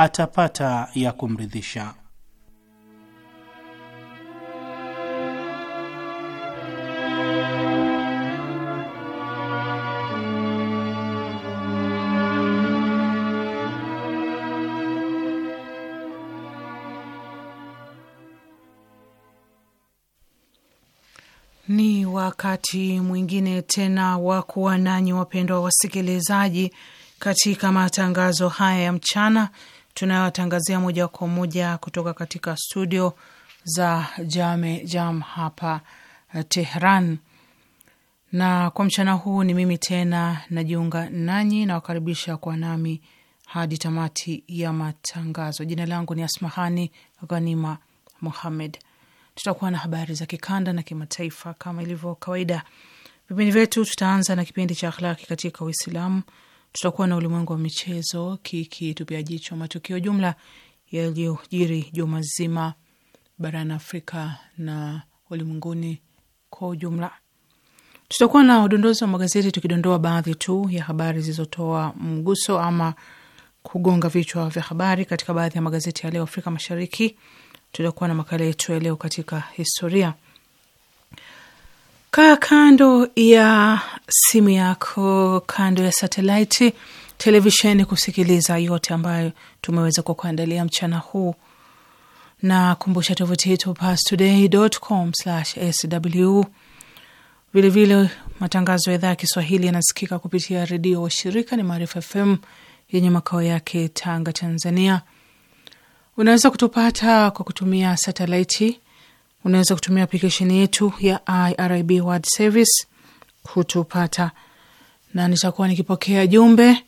atapata ya kumridhisha. Ni wakati mwingine tena wa kuwa nanyi, wapendwa wasikilizaji, katika matangazo haya ya mchana tunayowatangazia moja kwa moja kutoka katika studio za Jame Jam hapa eh, Tehran. Na kwa mchana huu ni mimi tena najiunga nanyi, nawakaribisha kwa nami hadi tamati ya matangazo. Jina langu ni Asmahani Ghanima Muhammed. Tutakuwa na habari za kikanda na kimataifa kama ilivyo kawaida. Vipindi vyetu tutaanza na kipindi cha akhlaki katika Uislamu tutakuwa na ulimwengu wa michezo kikitupia jicho matukio jumla yaliyojiri juma zima barani Afrika na ulimwenguni kwa ujumla. Tutakuwa na udondozi wa magazeti tukidondoa baadhi tu ya habari zilizotoa mguso ama kugonga vichwa vya habari katika baadhi ya magazeti ya leo Afrika Mashariki. Tutakuwa na makala yetu ya leo katika historia Kaa kando ya simu yako, kando ya satelaiti, televisheni, kusikiliza yote ambayo tumeweza kukuandalia mchana huu, na kumbusha tovuti yetu pastoday.com/sw. Vilevile, matangazo ya idhaa ya Kiswahili yanasikika kupitia redio washirika ni Maarifa FM yenye makao yake Tanga, Tanzania. Unaweza kutupata kwa kutumia satelaiti unaweza kutumia aplikesheni yetu ya IRIB World Service kutupata, na nitakuwa nikipokea jumbe,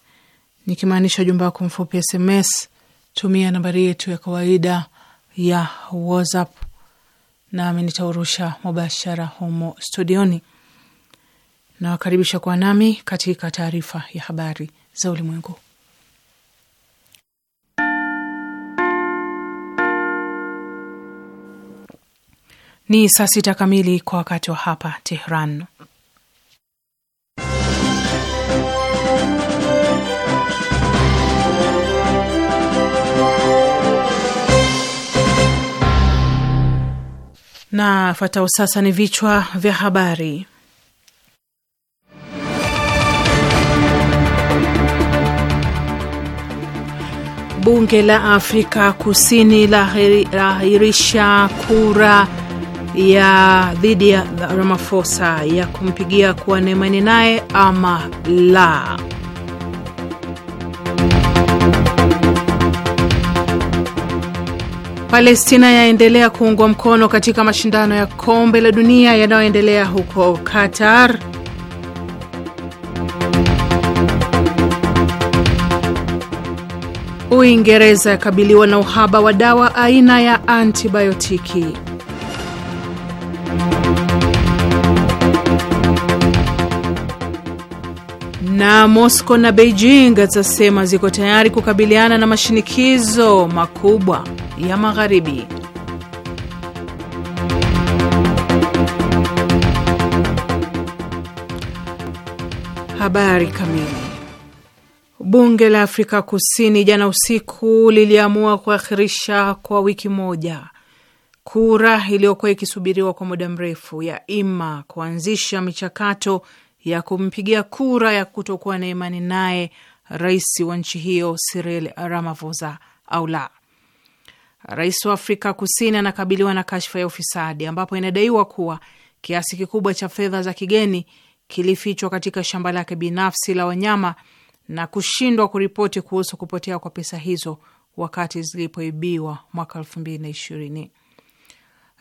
nikimaanisha jumbe wako mfupi SMS. Tumia nambari yetu ya kawaida ya WhatsApp nami nitaurusha mubashara humo studioni. Nawakaribisha kuwa nami katika taarifa ya habari za ulimwengu. Ni saa sita kamili kwa wakati wa hapa Tehran. Na fatao sasa ni vichwa vya habari. Bunge la Afrika Kusini lahirisha kura ya dhidi ya Ramaphosa ya kumpigia kuwa na imani naye ama la. Palestina yaendelea kuungwa mkono katika mashindano ya kombe la dunia yanayoendelea huko Qatar. Uingereza yakabiliwa na uhaba wa dawa aina ya antibiotiki. Na Moscow na Beijing zasema ziko tayari kukabiliana na mashinikizo makubwa ya Magharibi. Habari kamili. Bunge la Afrika Kusini jana usiku liliamua kuakhirisha kwa wiki moja kura iliyokuwa ikisubiriwa kwa muda mrefu ya ima kuanzisha michakato ya kumpigia kura ya kutokuwa na imani naye rais wa nchi hiyo Cyril Ramaphosa au la. Rais wa Afrika Kusini anakabiliwa na kashfa ya ufisadi ambapo inadaiwa kuwa kiasi kikubwa cha fedha za kigeni kilifichwa katika shamba lake binafsi la wanyama na kushindwa kuripoti kuhusu kupotea kwa pesa hizo wakati zilipoibiwa mwaka elfu mbili na ishirini.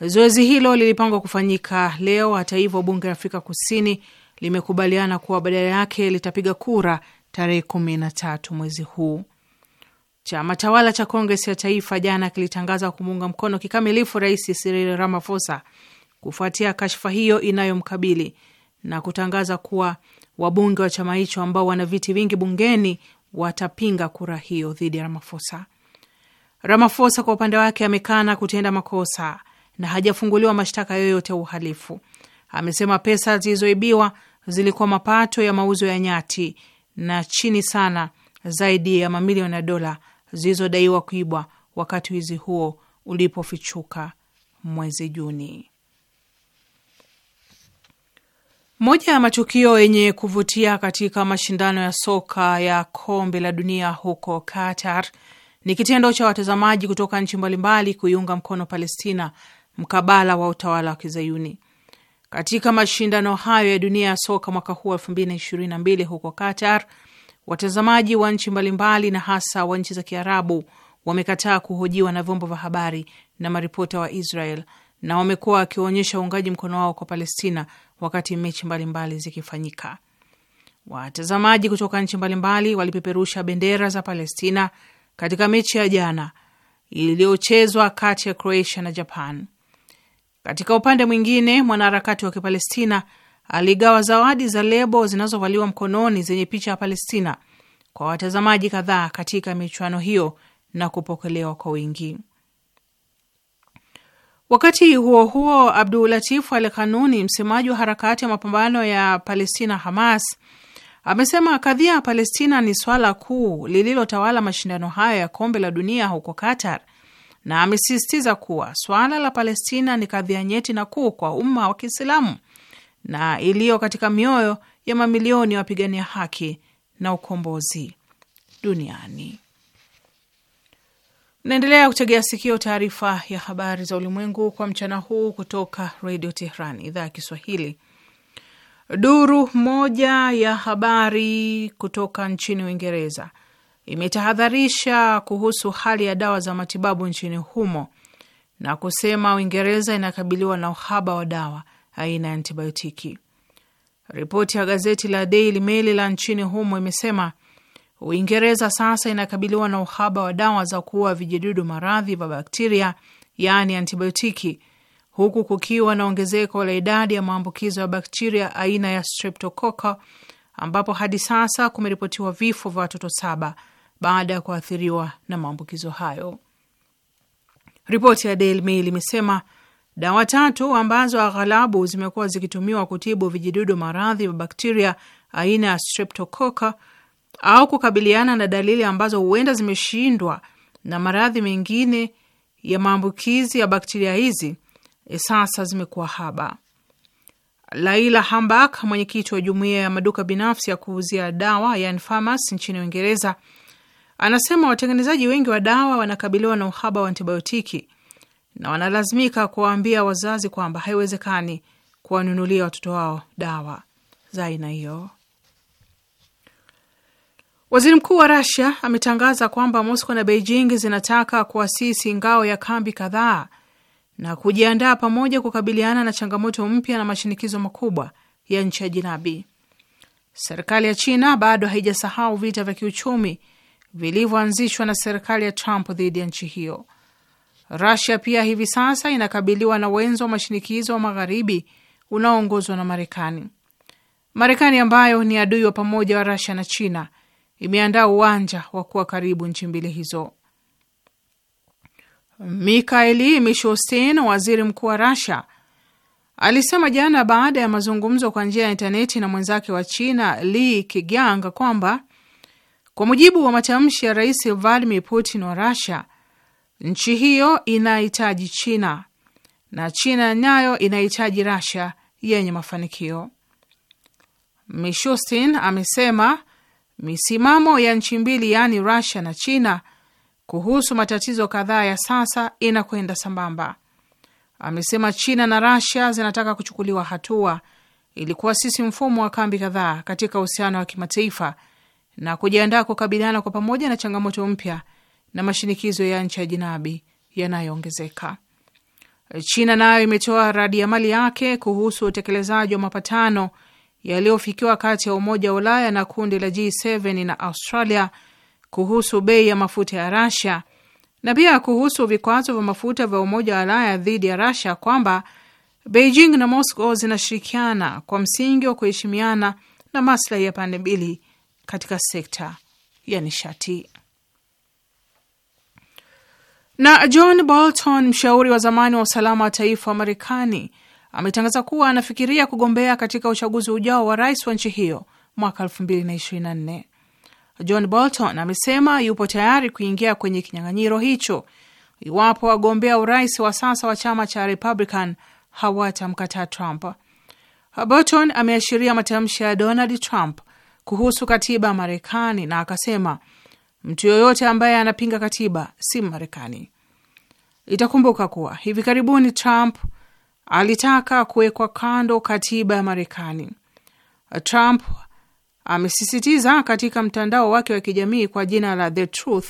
Zoezi hilo lilipangwa kufanyika leo. Hata hivyo, bunge la Afrika Kusini limekubaliana kuwa badala yake litapiga kura tarehe kumi na tatu mwezi huu. Chama tawala cha Kongres ya Taifa jana kilitangaza kumuunga mkono kikamilifu Rais Siril ramafosa kufuatia kashfa hiyo inayomkabili na kutangaza kuwa wabunge wa chama hicho ambao wana viti vingi bungeni watapinga kura hiyo dhidi ya ramafosa ramafosa kwa upande wake amekana kutenda makosa na hajafunguliwa mashtaka yoyote ya uhalifu. Amesema pesa zilizoibiwa zilikuwa mapato ya mauzo ya nyati na chini sana zaidi ya mamilioni ya dola zilizodaiwa kuibwa wakati wizi huo ulipofichuka mwezi Juni. Moja ya matukio yenye kuvutia katika mashindano ya soka ya kombe la dunia huko Qatar ni kitendo cha watazamaji kutoka nchi mbalimbali kuiunga mkono Palestina mkabala wa utawala wa Kizayuni. Katika mashindano hayo ya dunia ya soka mwaka huu elfu mbili na ishirini na mbili huko Qatar, watazamaji wa nchi mbalimbali na hasa wa nchi za Kiarabu wamekataa kuhojiwa na vyombo vya habari na maripota wa Israel na wamekuwa wakionyesha uungaji mkono wao kwa Palestina wakati mechi mbalimbali zikifanyika. Watazamaji kutoka nchi mbalimbali walipeperusha bendera za Palestina katika mechi ya jana iliyochezwa kati ya Croatia na Japan. Katika upande mwingine, mwanaharakati wa Kipalestina aligawa zawadi za lebo zinazovaliwa mkononi zenye picha ya Palestina kwa watazamaji kadhaa katika michuano hiyo na kupokelewa kwa wingi. Wakati huo huo, Abdul Latif Al Kanuni, msemaji wa harakati ya mapambano ya Palestina Hamas, amesema kadhia ya Palestina ni swala kuu lililotawala mashindano hayo ya kombe la dunia huko Qatar, na amesisitiza kuwa swala la Palestina ni kadhia nyeti na kuu kwa umma wa Kiislamu na iliyo katika mioyo ya mamilioni ya wapigania haki na ukombozi duniani. Naendelea kutegea sikio taarifa ya habari za ulimwengu kwa mchana huu kutoka Redio Tehran, idhaa ya Kiswahili. Duru moja ya habari kutoka nchini Uingereza imetahadharisha kuhusu hali ya dawa za matibabu nchini humo na kusema Uingereza inakabiliwa na uhaba wa dawa aina ya antibiotiki. Ripoti ya gazeti la Daily Mail la nchini humo imesema Uingereza sasa inakabiliwa na uhaba wa dawa za kuua vijidudu maradhi vya bakteria, yaani antibiotiki, huku kukiwa na ongezeko la idadi ya maambukizo ya bakteria aina ya streptococcal ambapo hadi sasa kumeripotiwa vifo vya watoto saba baada ya kuathiriwa na maambukizo hayo. Ripoti ya Daily Mail imesema dawa tatu ambazo aghalabu zimekuwa zikitumiwa kutibu vijidudu maradhi wa bakteria aina ya streptococa au kukabiliana na dalili ambazo huenda zimeshindwa na maradhi mengine ya maambukizi ya bakteria hizi e, sasa zimekuwa haba. Laila Hambak, mwenyekiti wa jumuiya ya maduka binafsi ya kuuzia dawa yani pharmacy nchini Uingereza, anasema watengenezaji wengi wa dawa wanakabiliwa na uhaba wa antibiotiki na wanalazimika kuwaambia wazazi kwamba haiwezekani kuwanunulia watoto wao dawa za aina hiyo. Waziri mkuu wa Rasia ametangaza kwamba Moscow na Beijing zinataka kuasisi ngao ya kambi kadhaa na kujiandaa pamoja kukabiliana na changamoto mpya na mashinikizo makubwa ya nchi ya jinabi. Serikali ya China bado haijasahau vita vya kiuchumi vilivyoanzishwa na serikali ya Trump dhidi ya nchi hiyo. Rusia pia hivi sasa inakabiliwa na wenzo wa mashinikizo wa magharibi unaoongozwa na Marekani. Marekani ambayo ni adui wa pamoja wa Rusia na China imeandaa uwanja wa kuwa karibu nchi mbili hizo. Mikhaeli Mishustin, waziri mkuu wa rasia alisema jana baada ya mazungumzo kwa njia ya intaneti na mwenzake wa China Li Keqiang kwamba kwa mujibu wa matamshi ya Rais Vladimir Putin wa rasia nchi hiyo inahitaji China na China nayo inahitaji rasha yenye mafanikio. Mishustin amesema misimamo ya nchi mbili, yaani Russia na China kuhusu matatizo kadhaa ya sasa inakwenda sambamba. Amesema China na Rasia zinataka kuchukuliwa hatua ili kuasisi mfumo wa kambi kadhaa katika uhusiano wa kimataifa na kujiandaa kukabiliana kwa pamoja na changamoto mpya na mashinikizo ya nchi ya jinabi yanayoongezeka. China nayo imetoa radi ya mali yake kuhusu utekelezaji wa mapatano yaliyofikiwa kati ya Umoja wa Ulaya na kundi la G7 na Australia kuhusu bei ya mafuta ya Rasha na pia kuhusu vikwazo vya mafuta vya Umoja wa Ulaya dhidi ya Rasha kwamba Beijing na Moscow zinashirikiana kwa msingi wa kuheshimiana na maslahi ya pande mbili katika sekta ya nishati. Na John Bolton, mshauri wa zamani wa usalama wa taifa wa Marekani, ametangaza kuwa anafikiria kugombea katika uchaguzi ujao wa rais wa nchi hiyo mwaka 2024. John Bolton amesema yupo tayari kuingia kwenye kinyang'anyiro hicho iwapo wagombea urais wa sasa wa chama cha Republican hawatamkataa Trump. Bolton ameashiria matamshi ya Donald Trump kuhusu katiba ya Marekani na akasema mtu yoyote ambaye anapinga katiba si Marekani. Itakumbuka kuwa hivi karibuni Trump alitaka kuwekwa kando katiba ya Marekani. Trump amesisitiza katika mtandao wake wa kijamii kwa jina la The Truth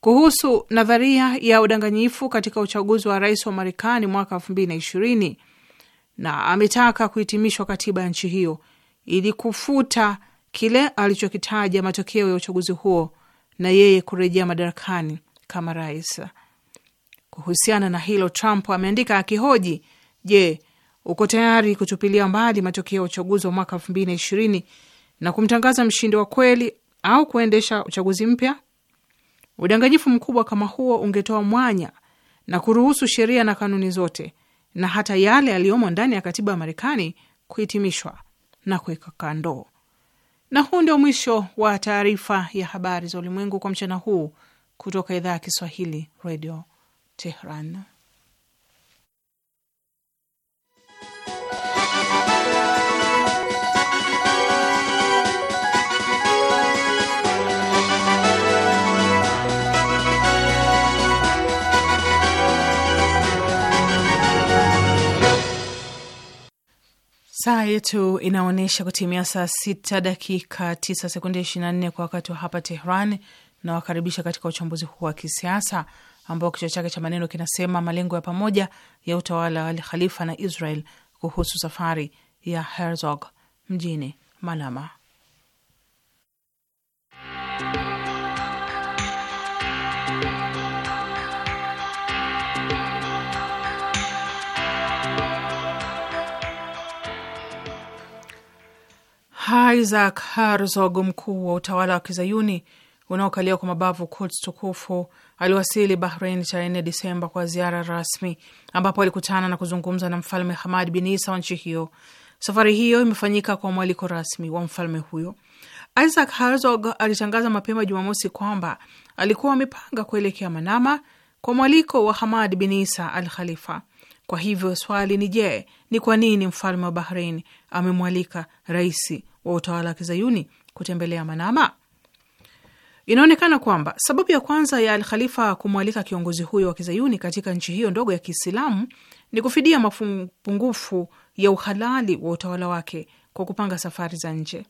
kuhusu nadharia ya udanganyifu katika uchaguzi wa rais wa Marekani mwaka elfu mbili na ishirini na ametaka kuhitimishwa katiba ya nchi hiyo ili kufuta kile alichokitaja matokeo ya uchaguzi huo na yeye kurejea madarakani kama rais. Kuhusiana na hilo, Trump ameandika akihoji, je, uko tayari kutupilia mbali matokeo ya uchaguzi wa mwaka elfu mbili na ishirini na kumtangaza mshindi wa kweli au kuendesha uchaguzi mpya? Udanganyifu mkubwa kama huo ungetoa mwanya na kuruhusu sheria na kanuni zote na hata yale yaliyomo ndani ya katiba ya Marekani kuhitimishwa na kuweka kando. Na huu ndio mwisho wa taarifa ya habari za ulimwengu kwa mchana huu kutoka idhaa ya Kiswahili, Radio Tehran. Saa yetu inaonyesha kutimia saa sita dakika tisa sekunde ishirini na nne kwa wakati wa hapa Tehran. Nawakaribisha katika uchambuzi huu wa kisiasa ambao kichwa chake cha maneno kinasema malengo ya pamoja ya utawala wa Khalifa na Israel kuhusu safari ya Herzog mjini Manama. Isaac Herzog, mkuu wa utawala wa kizayuni unaokalia kwa mabavu Quds tukufu, aliwasili Bahrain tarehe 4 Disemba kwa ziara rasmi, ambapo alikutana na kuzungumza na mfalme Hamad bin Isa wa nchi hiyo. Safari hiyo imefanyika kwa mwaliko rasmi wa mfalme huyo. Isaac Herzog alitangaza mapema Jumamosi kwamba alikuwa amepanga kuelekea Manama kwa mwaliko wa Hamad bin Isa al Khalifa. Kwa hivyo swali ni je, ni kwa nini mfalme wa Bahrain amemwalika rais wa utawala wa kizayuni kutembelea Manama. Inaonekana kwamba sababu ya kwanza ya Alkhalifa kumwalika kiongozi huyo wa kizayuni katika nchi hiyo ndogo ya Kiislamu ni kufidia mapungufu ya uhalali wa utawala wake kwa kupanga safari za nje.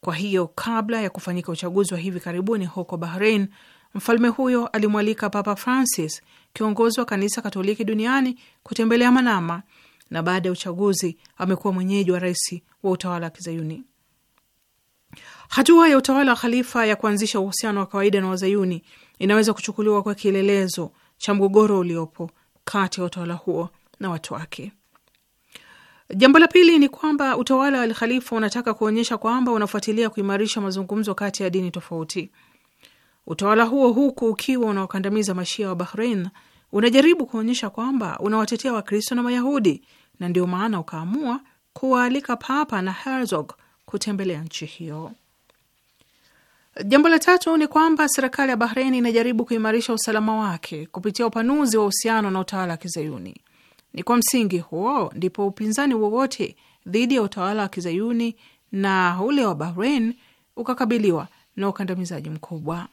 Kwa hiyo kabla ya kufanyika uchaguzi wa hivi karibuni huko Bahrain, mfalme huyo alimwalika Papa Francis, kiongozi wa kanisa Katoliki duniani, kutembelea Manama, na baada ya uchaguzi amekuwa mwenyeji wa rais wa utawala wa kizayuni. Hatua ya utawala wa khalifa ya kuanzisha uhusiano wa kawaida na wazayuni inaweza kuchukuliwa kwa kielelezo cha mgogoro uliopo kati ya utawala huo na watu wake. Jambo la pili ni kwamba utawala wa Alkhalifa unataka kuonyesha kwamba unafuatilia kuimarisha mazungumzo kati ya dini tofauti. Utawala huo, huku ukiwa unaokandamiza mashia wa Bahrain, unajaribu kuonyesha kwamba unawatetea Wakristo na mayahudi na ndio maana ukaamua kuwaalika Papa na Herzog kutembelea nchi hiyo. Jambo la tatu ni kwamba serikali ya Bahrein inajaribu kuimarisha usalama wake kupitia upanuzi wa uhusiano na utawala wa Kizayuni. Ni kwa msingi huo ndipo upinzani wowote dhidi ya utawala wa Kizayuni na ule wa Bahrein ukakabiliwa na ukandamizaji mkubwa.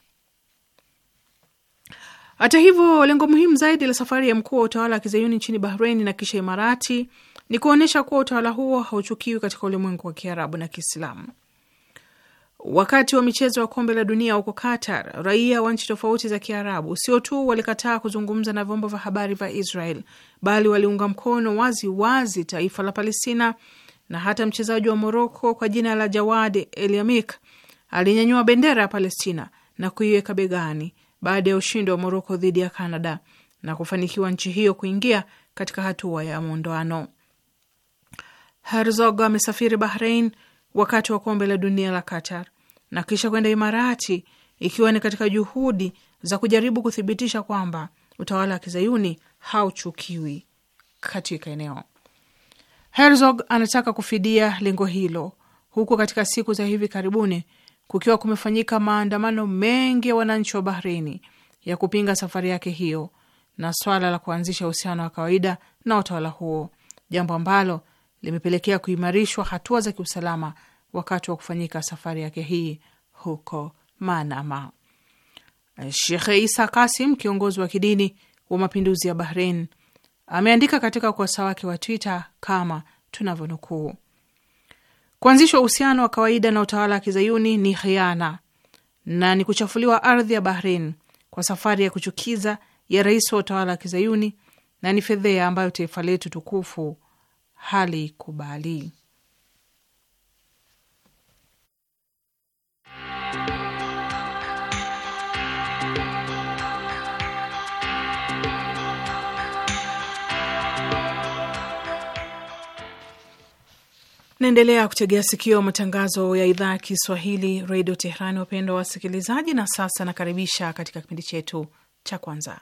Hata hivyo, lengo muhimu zaidi la safari ya mkuu wa utawala wa Kizayuni nchini Bahrein na kisha Imarati ni kuonyesha kuwa utawala huo hauchukiwi katika ulimwengu wa Kiarabu na Kiislamu. Wakati wa michezo ya kombe la dunia huko Qatar, raia wa nchi tofauti za Kiarabu sio tu walikataa kuzungumza na vyombo vya habari vya Israel, bali waliunga mkono wazi wazi taifa la Palestina, na hata mchezaji wa Moroko kwa jina la Jawad Eliamik alinyanyua bendera ya Palestina na kuiweka begani baada ya ushindi wa Moroko dhidi ya Canada na kufanikiwa nchi hiyo kuingia katika hatua ya mwondoano. Herzog amesafiri Bahrein wakati wa kombe la dunia la Qatar na kisha kwenda Imarati, ikiwa ni katika juhudi za kujaribu kuthibitisha kwamba utawala wa kizayuni hauchukiwi katika eneo. Herzog anataka kufidia lengo hilo, huku katika siku za hivi karibuni kukiwa kumefanyika maandamano mengi ya wananchi wa Bahreini ya kupinga safari yake hiyo na swala la kuanzisha uhusiano wa kawaida na utawala huo, jambo ambalo limepelekea kuimarishwa hatua za kiusalama wakati wa kufanyika safari yake hii huko Manama. Shekhe Isa Kasim, kiongozi wa kidini wa mapinduzi ya Bahrein, ameandika katika ukurasa wake wa Twitter kama tunavyonukuu: kuanzishwa uhusiano wa kawaida na utawala wa kizayuni ni khiana na ni kuchafuliwa ardhi ya Bahrein kwa safari ya kuchukiza ya rais wa utawala wa kizayuni na ni fedhea ambayo taifa letu tukufu halikubali. Naendelea kutegea sikio matangazo ya idhaa ya Kiswahili redio Teherani. Wapendwa wasikilizaji, na sasa nakaribisha katika kipindi chetu cha kwanza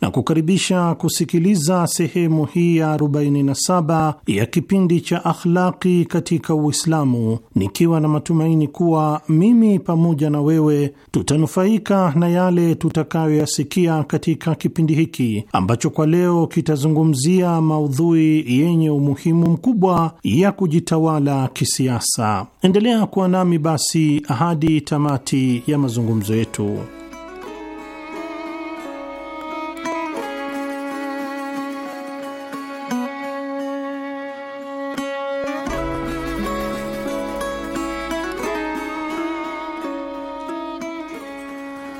na kukaribisha kusikiliza sehemu hii ya 47 ya kipindi cha Akhlaqi katika Uislamu, nikiwa na matumaini kuwa mimi pamoja na wewe tutanufaika na yale tutakayoyasikia katika kipindi hiki ambacho kwa leo kitazungumzia maudhui yenye umuhimu mkubwa ya kujitawala kisiasa. Endelea kuwa nami basi hadi tamati ya mazungumzo yetu.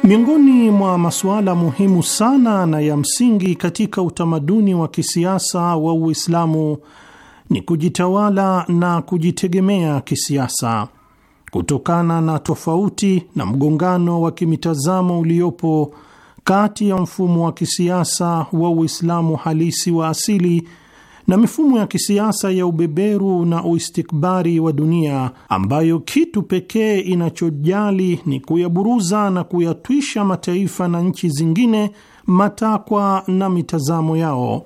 Miongoni mwa masuala muhimu sana na ya msingi katika utamaduni wa kisiasa wa Uislamu ni kujitawala na kujitegemea kisiasa. Kutokana na tofauti na mgongano wa kimitazamo uliopo kati ya mfumo wa kisiasa wa Uislamu halisi wa asili na mifumo ya kisiasa ya ubeberu na uistikbari wa dunia ambayo kitu pekee inachojali ni kuyaburuza na kuyatwisha mataifa na nchi zingine matakwa na mitazamo yao.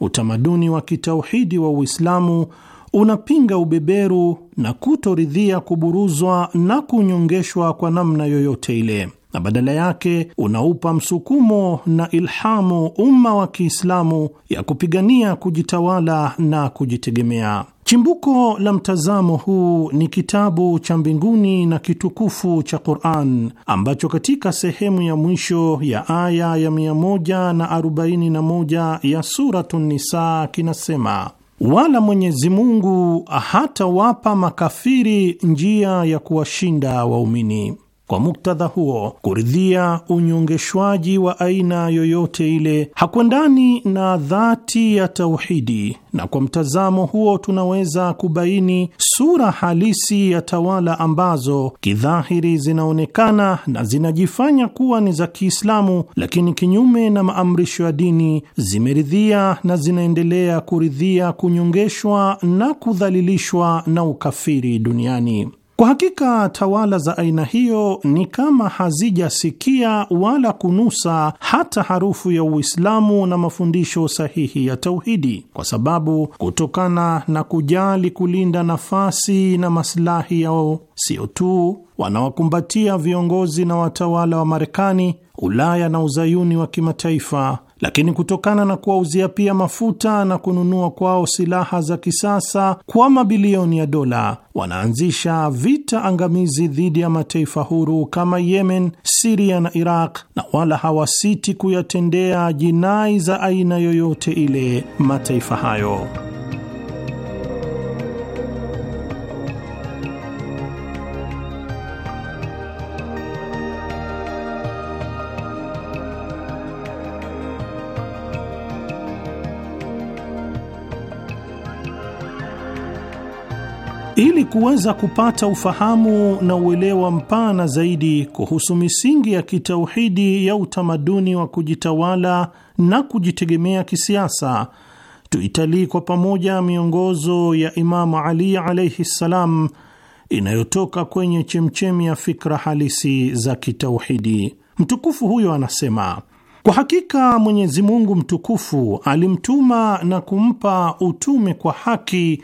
Utamaduni wa kitauhidi wa Uislamu unapinga ubeberu na kutoridhia kuburuzwa na kunyongeshwa kwa namna yoyote ile na badala yake unaupa msukumo na ilhamu umma wa Kiislamu ya kupigania kujitawala na kujitegemea. Chimbuko la mtazamo huu ni kitabu cha mbinguni na kitukufu cha Qur'an ambacho katika sehemu ya mwisho ya aya ya 141 ya Suratu Nisa kinasema Wala Mwenyezi Mungu hatawapa makafiri njia ya kuwashinda waumini. Kwa muktadha huo, kuridhia unyongeshwaji wa aina yoyote ile hakwendani na dhati ya tauhidi, na kwa mtazamo huo tunaweza kubaini sura halisi ya tawala ambazo kidhahiri zinaonekana na zinajifanya kuwa ni za Kiislamu, lakini kinyume na maamrisho ya dini zimeridhia na zinaendelea kuridhia kunyongeshwa na kudhalilishwa na ukafiri duniani. Kwa hakika tawala za aina hiyo ni kama hazijasikia wala kunusa hata harufu ya Uislamu na mafundisho sahihi ya tauhidi, kwa sababu kutokana na kujali kulinda nafasi na maslahi yao, sio tu wanawakumbatia viongozi na watawala wa Marekani, Ulaya na uzayuni wa kimataifa lakini kutokana na kuwauzia pia mafuta na kununua kwao silaha za kisasa kwa mabilioni ya dola, wanaanzisha vita angamizi dhidi ya mataifa huru kama Yemen, Siria na Iraq, na wala hawasiti kuyatendea jinai za aina yoyote ile mataifa hayo. Ili kuweza kupata ufahamu na uelewa mpana zaidi kuhusu misingi ya kitauhidi ya utamaduni wa kujitawala na kujitegemea kisiasa, tuitalii kwa pamoja miongozo ya Imamu Ali alaihi ssalam inayotoka kwenye chemchemi ya fikra halisi za kitauhidi. Mtukufu huyo anasema: kwa hakika Mwenyezi Mungu mtukufu alimtuma na kumpa utume kwa haki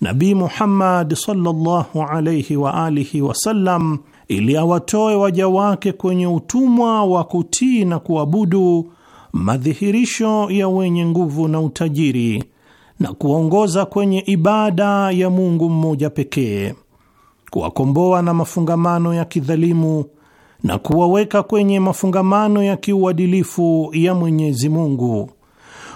nabi Muhammad sallallahu alayhi wa alihi wasallam ili awatoe waja wake kwenye utumwa wa kutii na kuabudu madhihirisho ya wenye nguvu na utajiri na kuwaongoza kwenye ibada ya Mungu mmoja pekee, kuwakomboa na mafungamano ya kidhalimu na kuwaweka kwenye mafungamano ya kiuadilifu ya Mwenyezi Mungu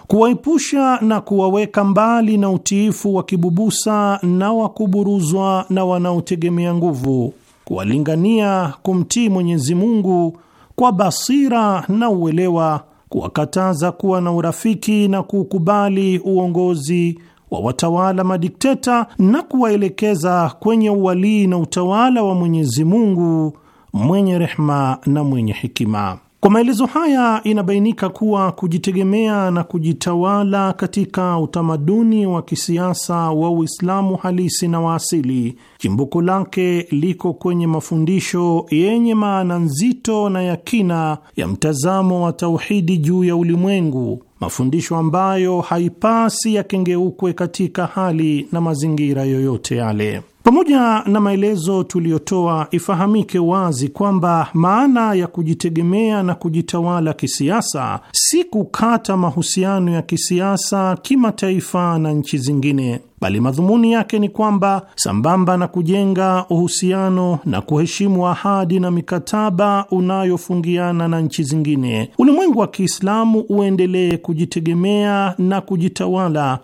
kuwaepusha na kuwaweka mbali na utiifu wa kibubusa na wakuburuzwa na wanaotegemea nguvu, kuwalingania kumtii Mwenyezi Mungu kwa basira na uelewa, kuwakataza kuwa na urafiki na kuukubali uongozi wa watawala madikteta na kuwaelekeza kwenye uwalii na utawala wa Mwenyezi Mungu mwenye rehma na mwenye hekima. Kwa maelezo haya inabainika kuwa kujitegemea na kujitawala katika utamaduni wa kisiasa wa Uislamu halisi na waasili, chimbuko lake liko kwenye mafundisho yenye maana nzito na ya kina ya mtazamo wa tauhidi juu ya ulimwengu, mafundisho ambayo haipasi yakengeukwe katika hali na mazingira yoyote yale. Pamoja na maelezo tuliyotoa, ifahamike wazi kwamba maana ya kujitegemea na kujitawala kisiasa si kukata mahusiano ya kisiasa kimataifa na nchi zingine, bali madhumuni yake ni kwamba sambamba na kujenga uhusiano na kuheshimu ahadi na mikataba unayofungiana na nchi zingine, ulimwengu wa Kiislamu uendelee kujitegemea na kujitawala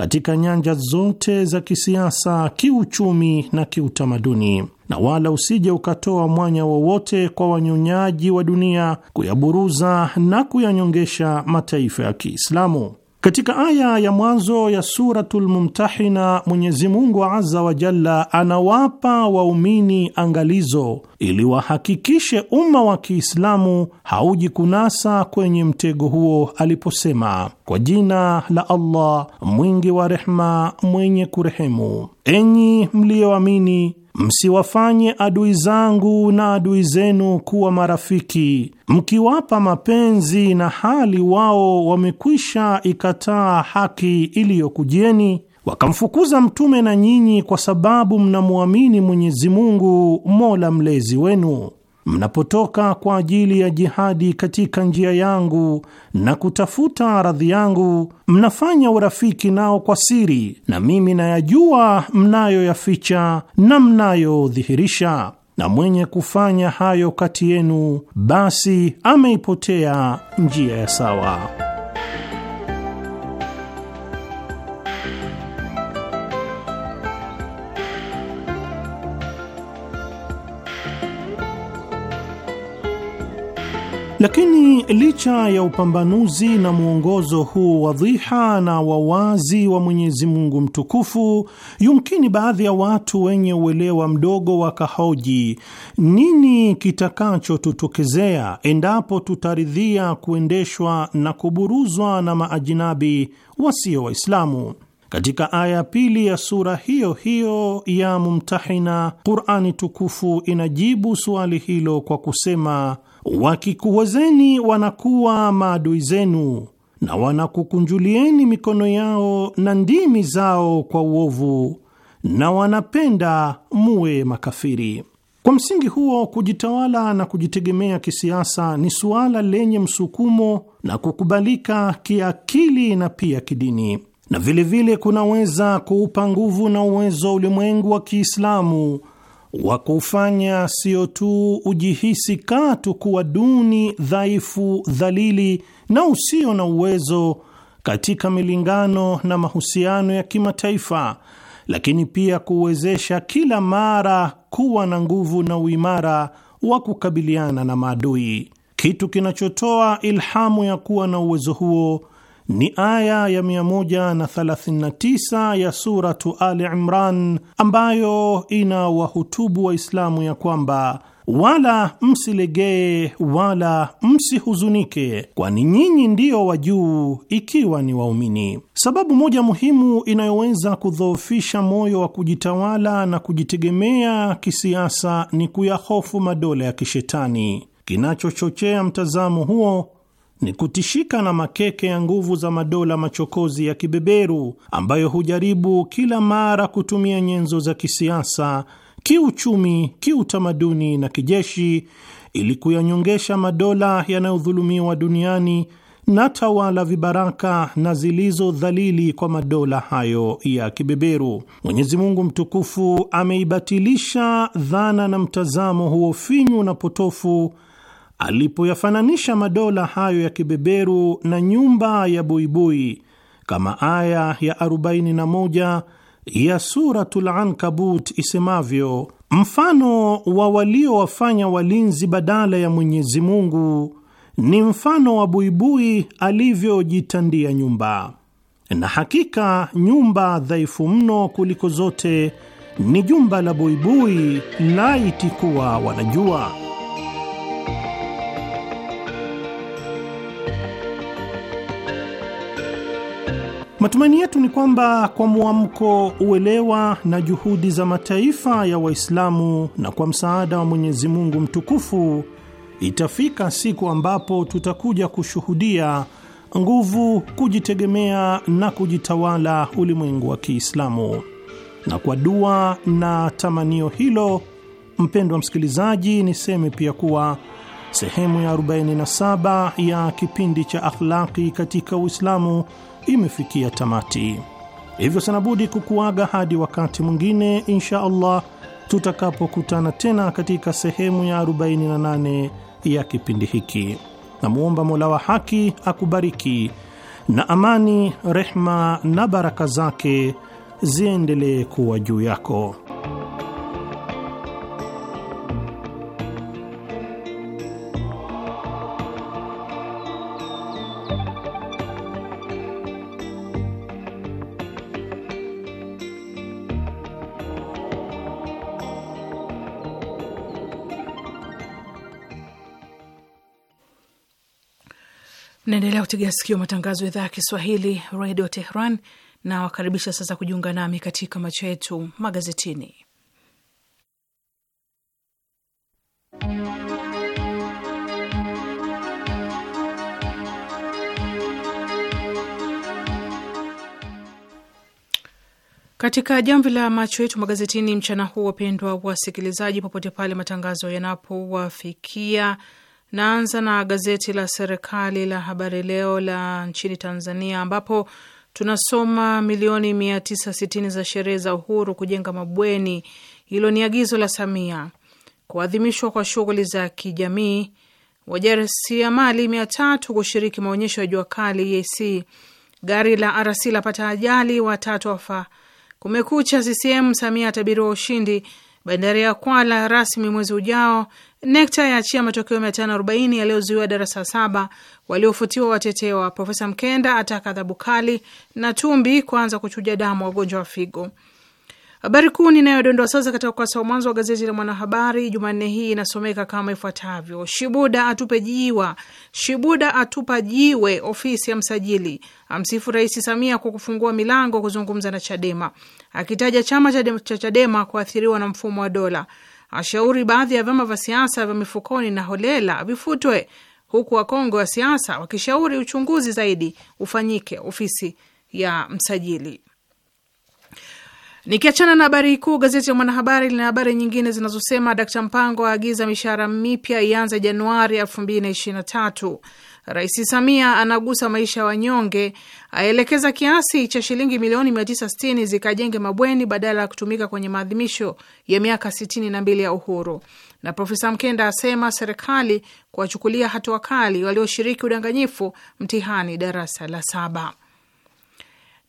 katika nyanja zote za kisiasa, kiuchumi na kiutamaduni, na wala usije ukatoa mwanya wowote kwa wanyonyaji wa dunia kuyaburuza na kuyanyongesha mataifa ya Kiislamu. Katika aya ya mwanzo ya Suratul Mumtahina, Mwenyezi Mungu Azza wa Jalla anawapa waumini angalizo ili wahakikishe umma wa Kiislamu haujikunasa kwenye mtego huo, aliposema: kwa jina la Allah mwingi wa rehma, mwenye kurehemu, enyi mliyoamini Msiwafanye adui zangu na adui zenu kuwa marafiki, mkiwapa mapenzi na hali wao wamekwisha ikataa haki iliyokujieni, wakamfukuza mtume na nyinyi kwa sababu mnamwamini Mwenyezi Mungu, Mola mlezi wenu mnapotoka kwa ajili ya jihadi katika njia yangu na kutafuta radhi yangu, mnafanya urafiki nao kwa siri, na mimi nayajua mnayoyaficha na mnayodhihirisha. Na mwenye kufanya hayo kati yenu, basi ameipotea njia ya sawa. Lakini licha ya upambanuzi na mwongozo huu wadhiha na wawazi wa Mwenyezi Mungu mtukufu, yumkini baadhi ya watu wenye uelewa mdogo wakahoji, nini kitakachotutokezea endapo tutaridhia kuendeshwa na kuburuzwa na maajinabi wasio Waislamu? Katika aya ya pili ya sura hiyo hiyo ya Mumtahina, Qurani tukufu inajibu suali hilo kwa kusema wakikuwezeni wanakuwa maadui zenu na wanakukunjulieni mikono yao na ndimi zao kwa uovu na wanapenda muwe makafiri. Kwa msingi huo, kujitawala na kujitegemea kisiasa ni suala lenye msukumo na kukubalika kiakili na pia kidini, na vilevile vile kunaweza kuupa nguvu na uwezo ulimwengu wa Kiislamu wa kufanya sio tu ujihisi katu kuwa duni, dhaifu, dhalili na usio na uwezo katika milingano na mahusiano ya kimataifa, lakini pia kuwezesha kila mara kuwa na nguvu na uimara wa kukabiliana na maadui. Kitu kinachotoa ilhamu ya kuwa na uwezo huo ni aya ya 139 ya suratu Ali Imran ambayo ina wahutubu Waislamu ya kwamba wala msilegee wala msihuzunike, kwani nyinyi ndiyo wa juu ikiwa ni waumini. Sababu moja muhimu inayoweza kudhoofisha moyo wa kujitawala na kujitegemea kisiasa ni kuyahofu madola ya kishetani. Kinachochochea mtazamo huo ni kutishika na makeke ya nguvu za madola machokozi ya kibeberu ambayo hujaribu kila mara kutumia nyenzo za kisiasa, kiuchumi, kiutamaduni na kijeshi ili kuyanyongesha madola yanayodhulumiwa duniani na tawala vibaraka na zilizo dhalili kwa madola hayo ya kibeberu. Mwenyezi Mungu mtukufu ameibatilisha dhana na mtazamo huo finyu na potofu alipoyafananisha madola hayo ya kibeberu na nyumba ya buibui kama aya ya 41 ya Suratul Ankabut isemavyo, mfano wa waliowafanya walinzi badala ya Mwenyezi Mungu ni mfano wa buibui alivyojitandia nyumba, na hakika nyumba dhaifu mno kuliko zote ni jumba la buibui, laiti kuwa wanajua. Matumaini yetu ni kwamba kwa mwamko, uelewa na juhudi za mataifa ya Waislamu na kwa msaada wa Mwenyezi Mungu mtukufu itafika siku ambapo tutakuja kushuhudia nguvu, kujitegemea na kujitawala ulimwengu wa Kiislamu. Na kwa dua na tamanio hilo, mpendwa msikilizaji, niseme pia kuwa sehemu ya 47 ya kipindi cha Akhlaqi katika Uislamu imefikia tamati, hivyo sina budi kukuaga hadi wakati mwingine insha Allah tutakapokutana tena katika sehemu ya 48 ya kipindi hiki. Namwomba Mola wa haki akubariki na amani, rehma na baraka zake ziendelee kuwa juu yako. Naendelea kutegea sikio matangazo ya idhaa ya Kiswahili redio Tehran na wakaribisha sasa kujiunga nami katika macho yetu magazetini. Katika jamvi la macho yetu magazetini mchana huu, wapendwa wasikilizaji, popote pale matangazo yanapowafikia Naanza na gazeti la serikali la Habari Leo la nchini Tanzania, ambapo tunasoma milioni mia tisa sitini za sherehe za uhuru kujenga mabweni. Hilo ni agizo la Samia. Kuadhimishwa kwa shughuli za kijamii, wajasiriamali mia tatu kushiriki maonyesho ya jua kali EAC. Gari la RC lapata ajali, watatu wafa. Kumekucha CCM, Samia atabiriwa ushindi Bandari ya Kwala rasmi mwezi ujao. nekta yaachia matokeo mia tano arobaini yaliyozuiwa darasa saba, waliofutiwa watetewa. Profesa Mkenda ataka adhabu kali, na Tumbi kuanza kuchuja damu wagonjwa wa figo. Habari kuu ninayodondoa sasa katika ukurasa wa mwanzo wa gazeti la Mwanahabari Jumanne hii inasomeka kama ifuatavyo: Shibuda atupe jiwa, Shibuda atupa jiwe ofisi ya msajili, amsifu Rais Samia kwa kufungua milango kuzungumza na Chadema, akitaja chama cha Chadema kuathiriwa na mfumo wa dola, ashauri baadhi ya vyama vya siasa vya mifukoni na holela vifutwe, huku wakongwe wa siasa wakishauri uchunguzi zaidi ufanyike ofisi ya msajili. Nikiachana na habari kuu, gazeti la Mwanahabari lina habari nyingine zinazosema Dkt Mpango aagiza mishahara mipya ianze Januari 2023. Rais Samia anagusa maisha ya wanyonge, aelekeza kiasi cha shilingi milioni 960 zikajenge mabweni badala ya kutumika kwenye maadhimisho ya miaka 62 ya uhuru. Na Profesa Mkenda asema serikali kuwachukulia hatua kali walioshiriki udanganyifu mtihani darasa la saba.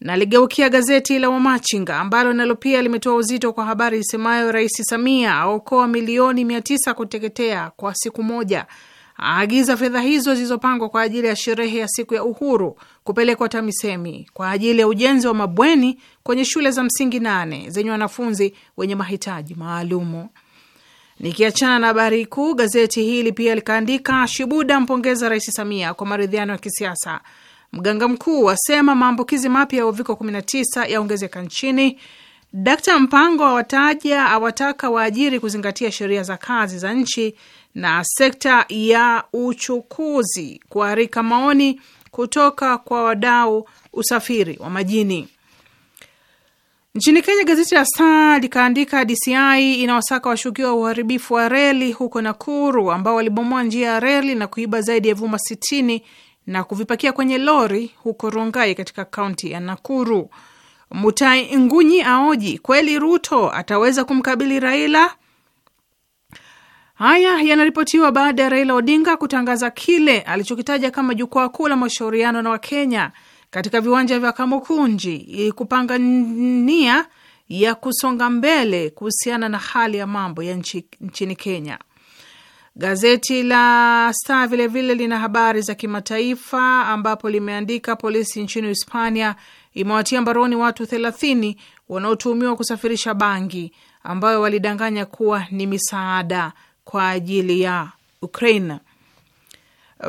Naligeukia gazeti la Wamachinga ambalo nalo pia limetoa uzito kwa habari isemayo Rais Samia aokoa milioni mia tisa kuteketea kwa siku moja, aagiza fedha hizo zilizopangwa kwa ajili ya sherehe ya siku ya uhuru kupelekwa TAMISEMI kwa ajili ya ujenzi wa mabweni kwenye shule za msingi nane zenye wanafunzi wenye mahitaji maalumu. Nikiachana na habari kuu, gazeti hili pia likaandika Shibuda mpongeza Rais Samia kwa maridhiano ya kisiasa Mganga mkuu asema maambukizi mapya ya uviko 19 yaongezeka nchini. Dkt Mpango awataja awataka waajiri kuzingatia sheria za kazi za nchi, na sekta ya uchukuzi kuarika maoni kutoka kwa wadau usafiri wa majini. Nchini Kenya, gazeti la Star likaandika DCI inawasaka washukiwa uharibifu wa reli huko Nakuru ambao walibomoa njia ya reli na kuiba zaidi ya vuma sitini na kuvipakia kwenye lori huko Rongai katika kaunti ya Nakuru. Mutai Ngunyi aoji kweli Ruto ataweza kumkabili Raila. Haya yanaripotiwa baada ya Raila Odinga kutangaza kile alichokitaja kama jukwaa kuu la mashauriano na Wakenya katika viwanja vya Kamukunji ili kupanga nia ya kusonga mbele kuhusiana na hali ya mambo ya nchi, nchini Kenya. Gazeti la Star vilevile lina habari za kimataifa ambapo limeandika polisi nchini Hispania imewatia mbaroni watu 30 wanaotuhumiwa kusafirisha bangi ambayo walidanganya kuwa ni misaada kwa ajili ya Ukraine.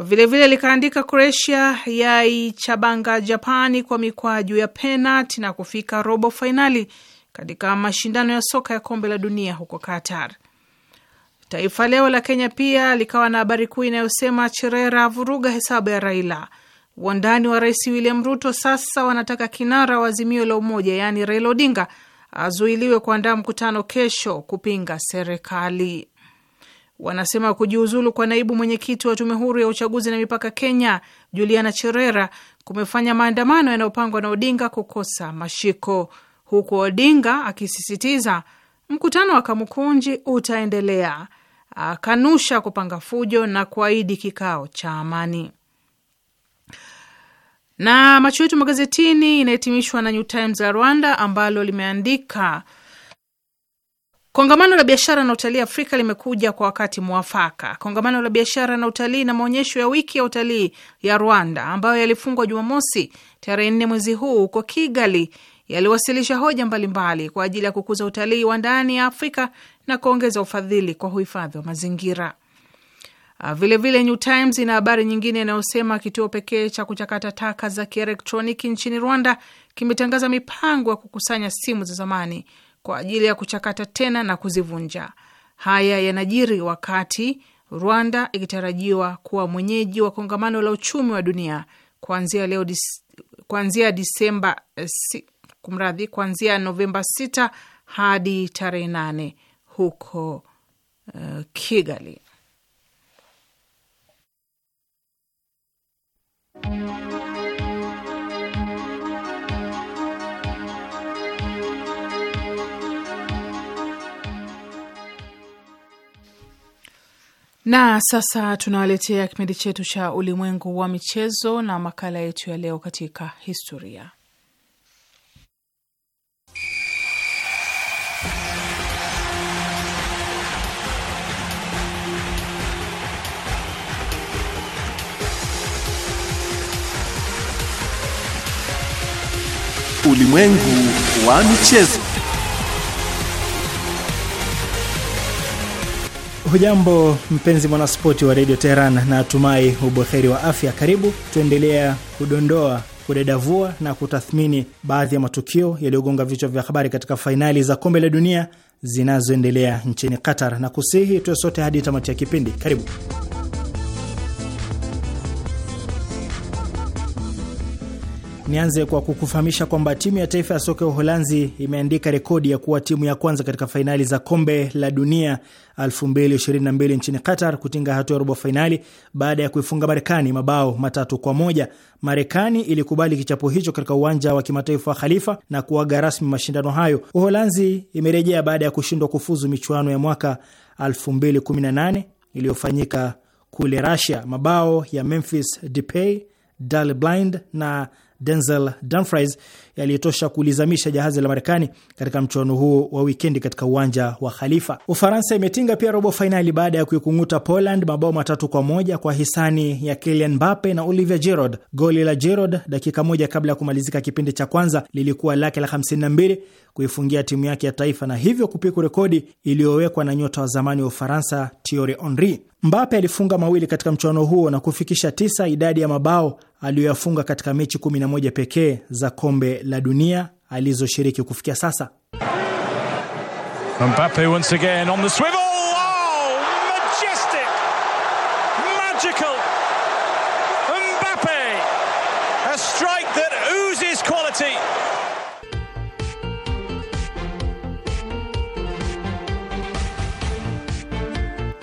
Vilevile likaandika Croatia yaichabanga Japani kwa mikwaju ya penat na kufika robo fainali katika mashindano ya soka ya kombe la dunia huko Qatar. Taifa Leo la Kenya pia likawa na habari kuu inayosema Cherera avuruga hesabu ya Raila. Wandani wa Rais William Ruto sasa wanataka kinara wa Azimio la Umoja yaani Raila Odinga azuiliwe kuandaa mkutano kesho kupinga serikali. Wanasema kujiuzulu kwa naibu mwenyekiti wa tume huru ya uchaguzi na mipaka Kenya Juliana Cherera kumefanya maandamano yanayopangwa na Odinga kukosa mashiko, huku Odinga akisisitiza mkutano wa Kamukunji utaendelea akanusha kupanga fujo na kuahidi kikao cha amani. Na macho yetu magazetini inahitimishwa na New Times la Rwanda ambalo limeandika Kongamano la biashara na utalii Afrika limekuja kwa wakati mwafaka. Kongamano la biashara na utalii na maonyesho ya wiki ya utalii ya Rwanda ambayo yalifungwa Jumamosi tarehe nne mwezi huu huko Kigali yaliwasilisha hoja mbalimbali mbali kwa ajili ya kukuza utalii wa ndani ya Afrika na kuongeza ufadhili kwa uhifadhi wa mazingira. Vilevile ah, vile New Times ina habari nyingine inayosema kituo pekee cha kuchakata taka za kielektroniki nchini Rwanda kimetangaza mipango ya kukusanya simu za zamani kwa ajili ya kuchakata tena na kuzivunja. Haya yanajiri wakati Rwanda ikitarajiwa kuwa mwenyeji wa kongamano la uchumi wa dunia kuanzia leo dis, kuanzia Disemba eh, si, kumradhi kuanzia Novemba 6 hadi tarehe 8 huko uh, eh, Kigali. Na sasa tunawaletea kipindi chetu cha ulimwengu wa michezo na makala yetu ya leo katika historia. Ulimwengu wa michezo. Hujambo mpenzi mwanaspoti wa redio Teheran, na atumai uboheri wa afya. Karibu tuendelea kudondoa kudadavua na kutathmini baadhi ya matukio yaliyogonga vichwa vya habari katika fainali za kombe la dunia zinazoendelea nchini Qatar, na kusihi tuwe sote hadi tamati ya kipindi. Karibu. Nianze kwa kukufahamisha kwamba timu ya taifa ya soka ya Uholanzi imeandika rekodi ya kuwa timu ya kwanza katika fainali za kombe la dunia 2022 nchini Qatar kutinga hatua ya robo fainali baada ya kuifunga Marekani mabao matatu kwa moja. Marekani ilikubali kichapo hicho katika uwanja wa kimataifa wa Khalifa na kuaga rasmi mashindano hayo. Uholanzi imerejea baada ya kushindwa kufuzu michuano ya mwaka 2018 iliyofanyika kule Russia. Mabao ya Memphis Depay, Daley Blind na Denzel Dumfries yaliyotosha kulizamisha jahazi la Marekani katika mchuano huo wa wikendi katika uwanja wa Khalifa. Ufaransa imetinga pia robo fainali baada ya kuikung'uta Poland mabao matatu kwa moja kwa hisani ya Kylian Mbappe na Olivier Giroud. Goli la Giroud dakika moja kabla ya kumalizika kipindi cha kwanza lilikuwa lake la 52 kuifungia timu yake ya taifa na hivyo kupiku rekodi iliyowekwa na nyota wa zamani wa Ufaransa Thierry Henry. Mbappe alifunga mawili katika mchuano huo na kufikisha tisa idadi ya mabao aliyoyafunga katika mechi 11 pekee za kombe la dunia alizoshiriki kufikia sasa. Mbappe once again on the swivel. Oh, majestic. Magical. Mbappe. A strike that oozes quality.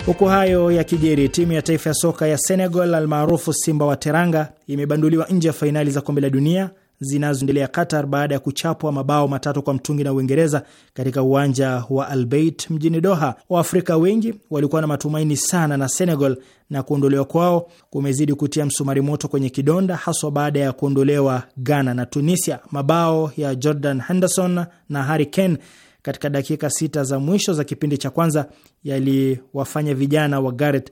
Huku hayo ya kijeri, timu ya taifa ya soka ya Senegal almaarufu Simba wa Teranga imebanduliwa nje ya fainali za kombe la dunia zinazoendelea Qatar baada ya kuchapwa mabao matatu kwa mtungi na Uingereza katika uwanja wa albeit mjini Doha. Waafrika wengi walikuwa na matumaini sana na Senegal na kuondolewa kwao kumezidi kutia msumari moto kwenye kidonda, haswa baada ya kuondolewa Ghana na Tunisia. Mabao ya Jordan Henderson na Harry Kane katika dakika sita za mwisho za kipindi cha kwanza yaliwafanya vijana wa Gareth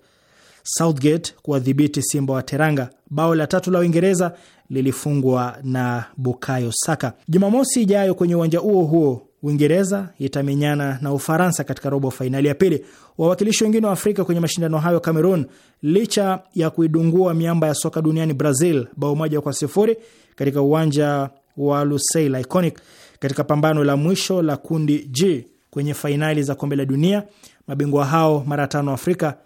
Southgate kuwadhibiti Simba wa Teranga. Bao la tatu la Uingereza lilifungwa na Bukayo Saka. Jumamosi ijayo kwenye uwanja huo huo Uingereza itamenyana na Ufaransa katika robo fainali ya pili. Wawakilishi wengine wa Afrika kwenye mashindano hayo, Cameroon, licha ya kuidungua miamba ya soka duniani Brazil bao moja kwa sifuri katika uwanja wa Lusail Iconic katika pambano la mwisho la kundi G kwenye fainali za kombe la dunia, mabingwa hao mara tano Afrika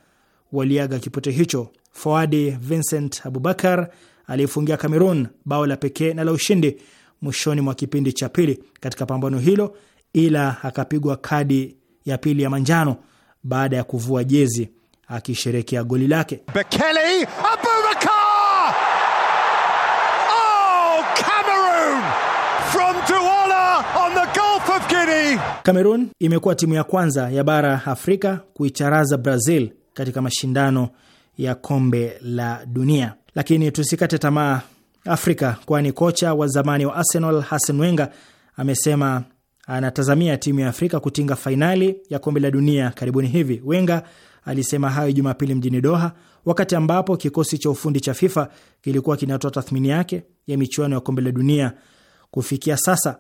waliaga kipote hicho. Fawadi Vincent Abubakar aliyefungia Cameroon bao la pekee na la ushindi mwishoni mwa kipindi cha pili katika pambano hilo, ila akapigwa kadi ya pili ya manjano baada ya kuvua jezi akisherekea goli lake. Bekele Abubakar! Oh, Cameroon from Douala on the Gulf of Guinea. Cameroon imekuwa timu ya kwanza ya bara Afrika kuicharaza Brazil katika mashindano ya kombe la dunia. Lakini tusikate tamaa Afrika, kwani kocha wa zamani wa Arsenal Hassan Wenger amesema anatazamia timu ya Afrika kutinga fainali ya kombe la dunia karibuni hivi. Wenger alisema hayo Jumapili mjini Doha, wakati ambapo kikosi cha ufundi cha FIFA kilikuwa kinatoa tathmini yake ya michuano ya kombe la dunia kufikia sasa.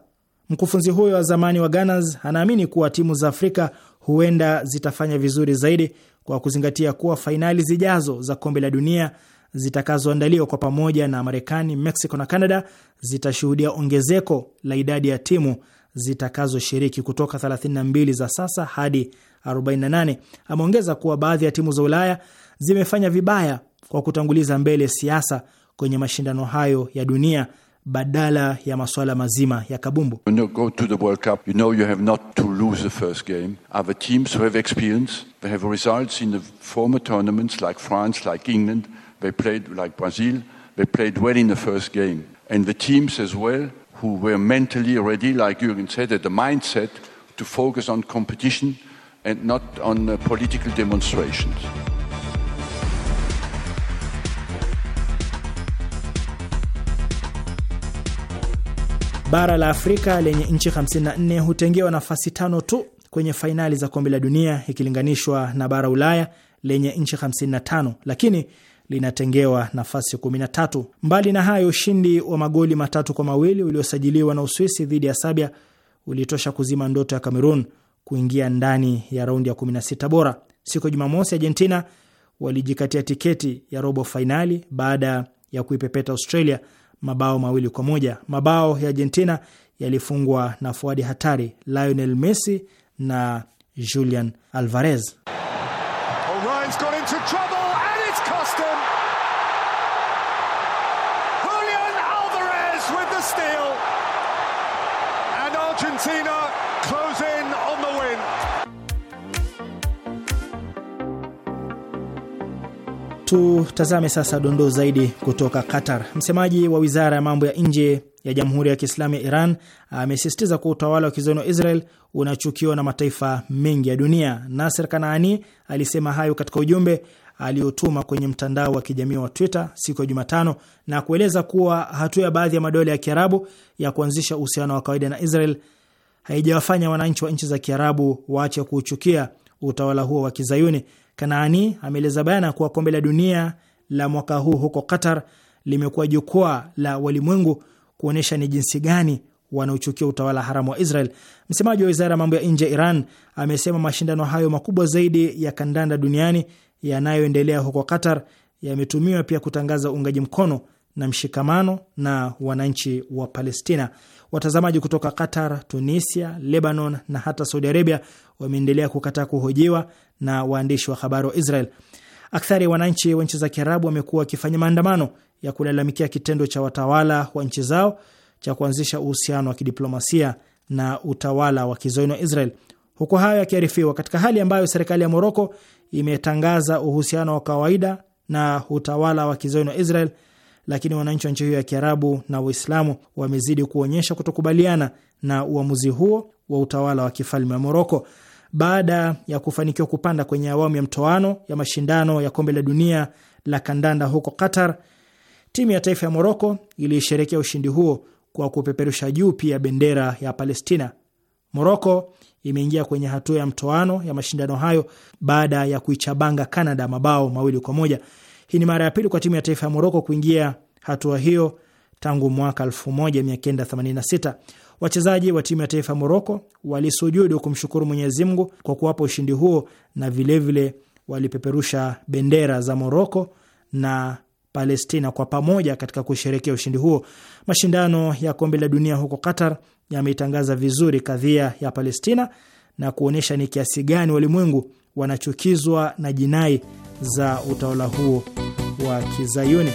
Mkufunzi huyo wa zamani wa Gunners anaamini kuwa timu za Afrika huenda zitafanya vizuri zaidi kwa kuzingatia kuwa fainali zijazo za kombe la dunia zitakazoandaliwa kwa pamoja na Marekani, Mexico na Canada zitashuhudia ongezeko la idadi ya timu zitakazoshiriki kutoka 32 za sasa hadi 48. Ameongeza kuwa baadhi ya timu za Ulaya zimefanya vibaya kwa kutanguliza mbele siasa kwenye mashindano hayo ya dunia badala ya masuala mazima ya kabumbu. When you go to the World Cup, you know you have not to lose the first game. Other teams who have experience, they have results in the former tournaments like France, like England, they played like Brazil, they played well in the first game. And the teams as well who were mentally ready, like Jürgen said, had the mindset to focus on competition and not on uh, political demonstrations. Bara la Afrika lenye nchi 54 hutengewa nafasi tano tu kwenye fainali za kombe la dunia ikilinganishwa na bara Ulaya lenye nchi 55 lakini linatengewa nafasi 13. Mbali na hayo, ushindi wa magoli matatu kwa mawili uliosajiliwa na Uswisi dhidi ya Sabia ulitosha kuzima ndoto ya cameron kuingia ndani ya raundi ya 16 bora. Siku ya Jumamosi, Argentina walijikatia tiketi ya robo fainali baada ya kuipepeta Australia mabao mawili kwa moja. Mabao ya Argentina yalifungwa na fuadi hatari Lionel Messi na Julian Alvarez. Tutazame sasa dondoo zaidi kutoka Qatar. Msemaji wa wizara ya mambo ya nje ya Jamhuri ya Kiislamu ya Iran amesisitiza kuwa utawala wa kizayuni wa Israel unachukiwa na mataifa mengi ya dunia. Nasser Kanaani alisema hayo katika ujumbe aliyotuma kwenye mtandao wa kijamii wa Twitter siku ya Jumatano na kueleza kuwa hatua ya baadhi ya madola ya Kiarabu ya kuanzisha uhusiano wa kawaida na Israel haijawafanya wananchi wa nchi za Kiarabu waache kuuchukia utawala huo wa kizayuni. Kanaani ameeleza bayana kuwa kombe la dunia la mwaka huu huko Qatar limekuwa jukwaa la walimwengu kuonyesha ni jinsi gani wanaochukia utawala haramu wa Israel. Msemaji wa wizara ya mambo ya nje ya Iran amesema mashindano hayo makubwa zaidi ya kandanda duniani yanayoendelea huko Qatar yametumiwa pia kutangaza uungaji mkono na mshikamano na wananchi wa Palestina. Watazamaji kutoka Qatar, Tunisia, Lebanon na hata Saudi Arabia wameendelea kukataa kuhojiwa na waandishi wa habari wa Israel. Akthari ya wananchi wa nchi za Kiarabu wamekuwa wakifanya maandamano ya kulalamikia kitendo cha watawala wa nchi zao cha kuanzisha uhusiano wa kidiplomasia na utawala wa kizayuni wa Israel. Huku hayo yakiarifiwa, katika hali ambayo serikali ya Moroko imetangaza uhusiano wa kawaida na utawala wa kizoeni wa Israel lakini wananchi wa nchi hiyo ya Kiarabu na Waislamu wamezidi kuonyesha kutokubaliana na uamuzi huo wa utawala wa kifalme wa Moroko. Baada ya kufanikiwa kupanda kwenye awamu ya mtoano ya mashindano ya kombe la dunia la kandanda huko Qatar, timu ya taifa ya Moroko iliisherekea ushindi huo kwa kupeperusha juu pia bendera ya Palestina. Moroko imeingia kwenye hatua ya mtoano ya mashindano hayo baada ya kuichabanga Canada mabao mawili kwa moja. Hii ni mara ya pili kwa timu ya taifa ya Moroko kuingia hatua hiyo tangu mwaka 1986. Wachezaji wa timu ya taifa ya Moroko walisujudu kumshukuru Mwenyezi Mungu kwa kuwapa ushindi huo na vilevile vile walipeperusha bendera za Moroko na Palestina kwa pamoja katika kusherekea ushindi huo. Mashindano ya kombe la dunia huko Qatar yameitangaza vizuri kadhia ya Palestina na kuonyesha ni kiasi gani walimwengu wanachukizwa na jinai za utawala huo wa Kizayuni.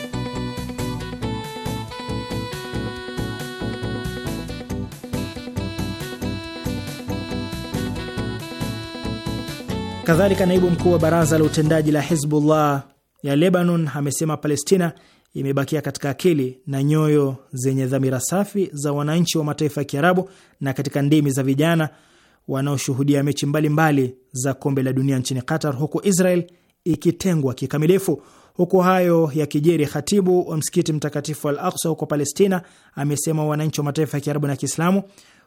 Kadhalika, naibu mkuu wa baraza la utendaji la Hizbullah ya Lebanon amesema Palestina imebakia katika akili na nyoyo zenye dhamira safi za wananchi wa mataifa ya Kiarabu na katika ndimi za vijana wanaoshuhudia mechi mbalimbali za kombe la dunia nchini Qatar, huku Israel ikitengwa kikamilifu. Huku hayo ya kijeri, khatibu wa msikiti mtakatifu Al Aksa huko Palestina amesema wananchi wa mataifa ya Kiarabu na Kiislamu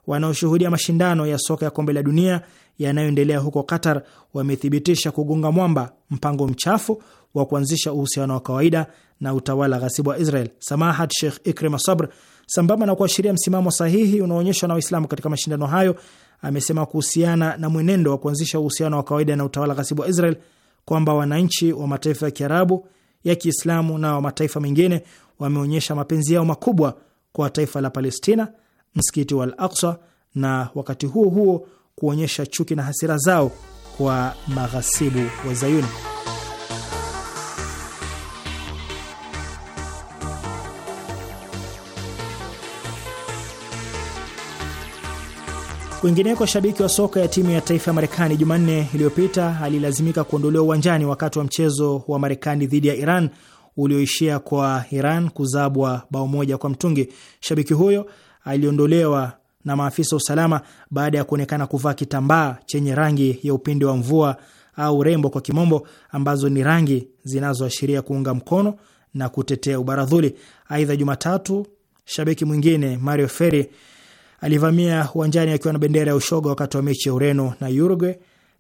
wanaoshuhudia mashindano ya soka ya kombe la dunia yanayoendelea huko Qatar wamethibitisha kugonga mwamba mpango mchafu wa kuanzisha uhusiano wa kawaida na utawala ghasibu wa Israel. Samahat Sheikh Ikrima Sabr, sambamba na kuashiria msimamo sahihi unaoonyeshwa na Waislamu katika mashindano hayo, amesema kuhusiana na mwenendo wa kuanzisha uhusiano wa kawaida na utawala ghasibu wa Israel kwamba wananchi wa mataifa ya Kiarabu ya Kiislamu na wa mataifa mengine wameonyesha mapenzi yao makubwa kwa taifa la Palestina, msikiti wa Al-Aqsa, na wakati huo huo kuonyesha chuki na hasira zao kwa maghasibu wa Zayuni. Kwingineko, shabiki wa soka ya timu ya taifa ya Marekani Jumanne iliyopita alilazimika kuondolewa uwanjani wakati wa mchezo wa Marekani dhidi ya Iran ulioishia kwa Iran kuzabwa bao moja kwa mtungi. Shabiki huyo aliondolewa na maafisa wa usalama baada ya kuonekana kuvaa kitambaa chenye rangi ya upinde wa mvua au rembo kwa kimombo, ambazo ni rangi zinazoashiria kuunga mkono na kutetea ubaradhuli. Aidha, Jumatatu shabiki mwingine Mario Ferri Alivamia uwanjani akiwa na bendera ya ushoga wakati wa mechi ya Ureno na Uruguay,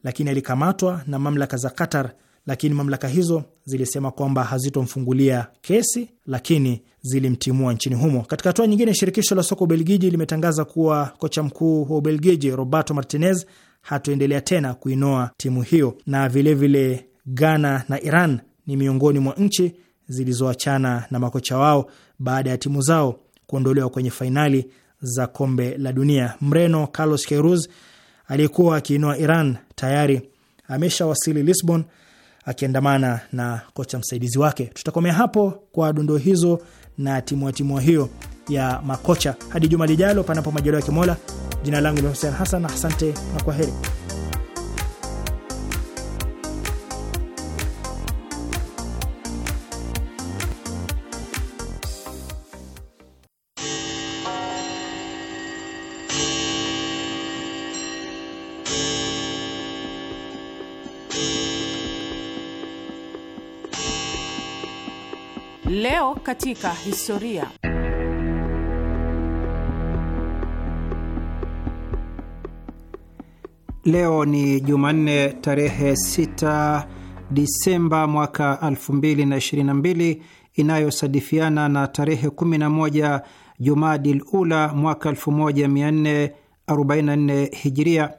lakini alikamatwa na mamlaka za Qatar, lakini mamlaka hizo zilisema kwamba hazitomfungulia kesi, lakini zilimtimua nchini humo. Katika hatua nyingine, shirikisho la soka Ubelgiji limetangaza kuwa kocha mkuu wa Ubelgiji Roberto Martinez hatoendelea tena kuinoa timu hiyo, na vilevile vile Ghana na Iran ni miongoni mwa nchi zilizoachana na makocha wao baada ya timu zao kuondolewa kwenye fainali za kombe la dunia. Mreno Carlos Queiroz aliyekuwa akiinoa Iran tayari ameshawasili Lisbon akiandamana na kocha msaidizi wake. Tutakomea hapo kwa dondoo hizo na timua timua hiyo ya makocha hadi juma lijalo, panapo majaliwa ya Kimola. Jina langu ni Hussein Hassan, asante na kwa heri. Leo katika historia. Leo ni Jumanne tarehe 6 Disemba mwaka 2022 inayosadifiana na tarehe 11 Jumadil Ula mwaka 1444 Hijiria.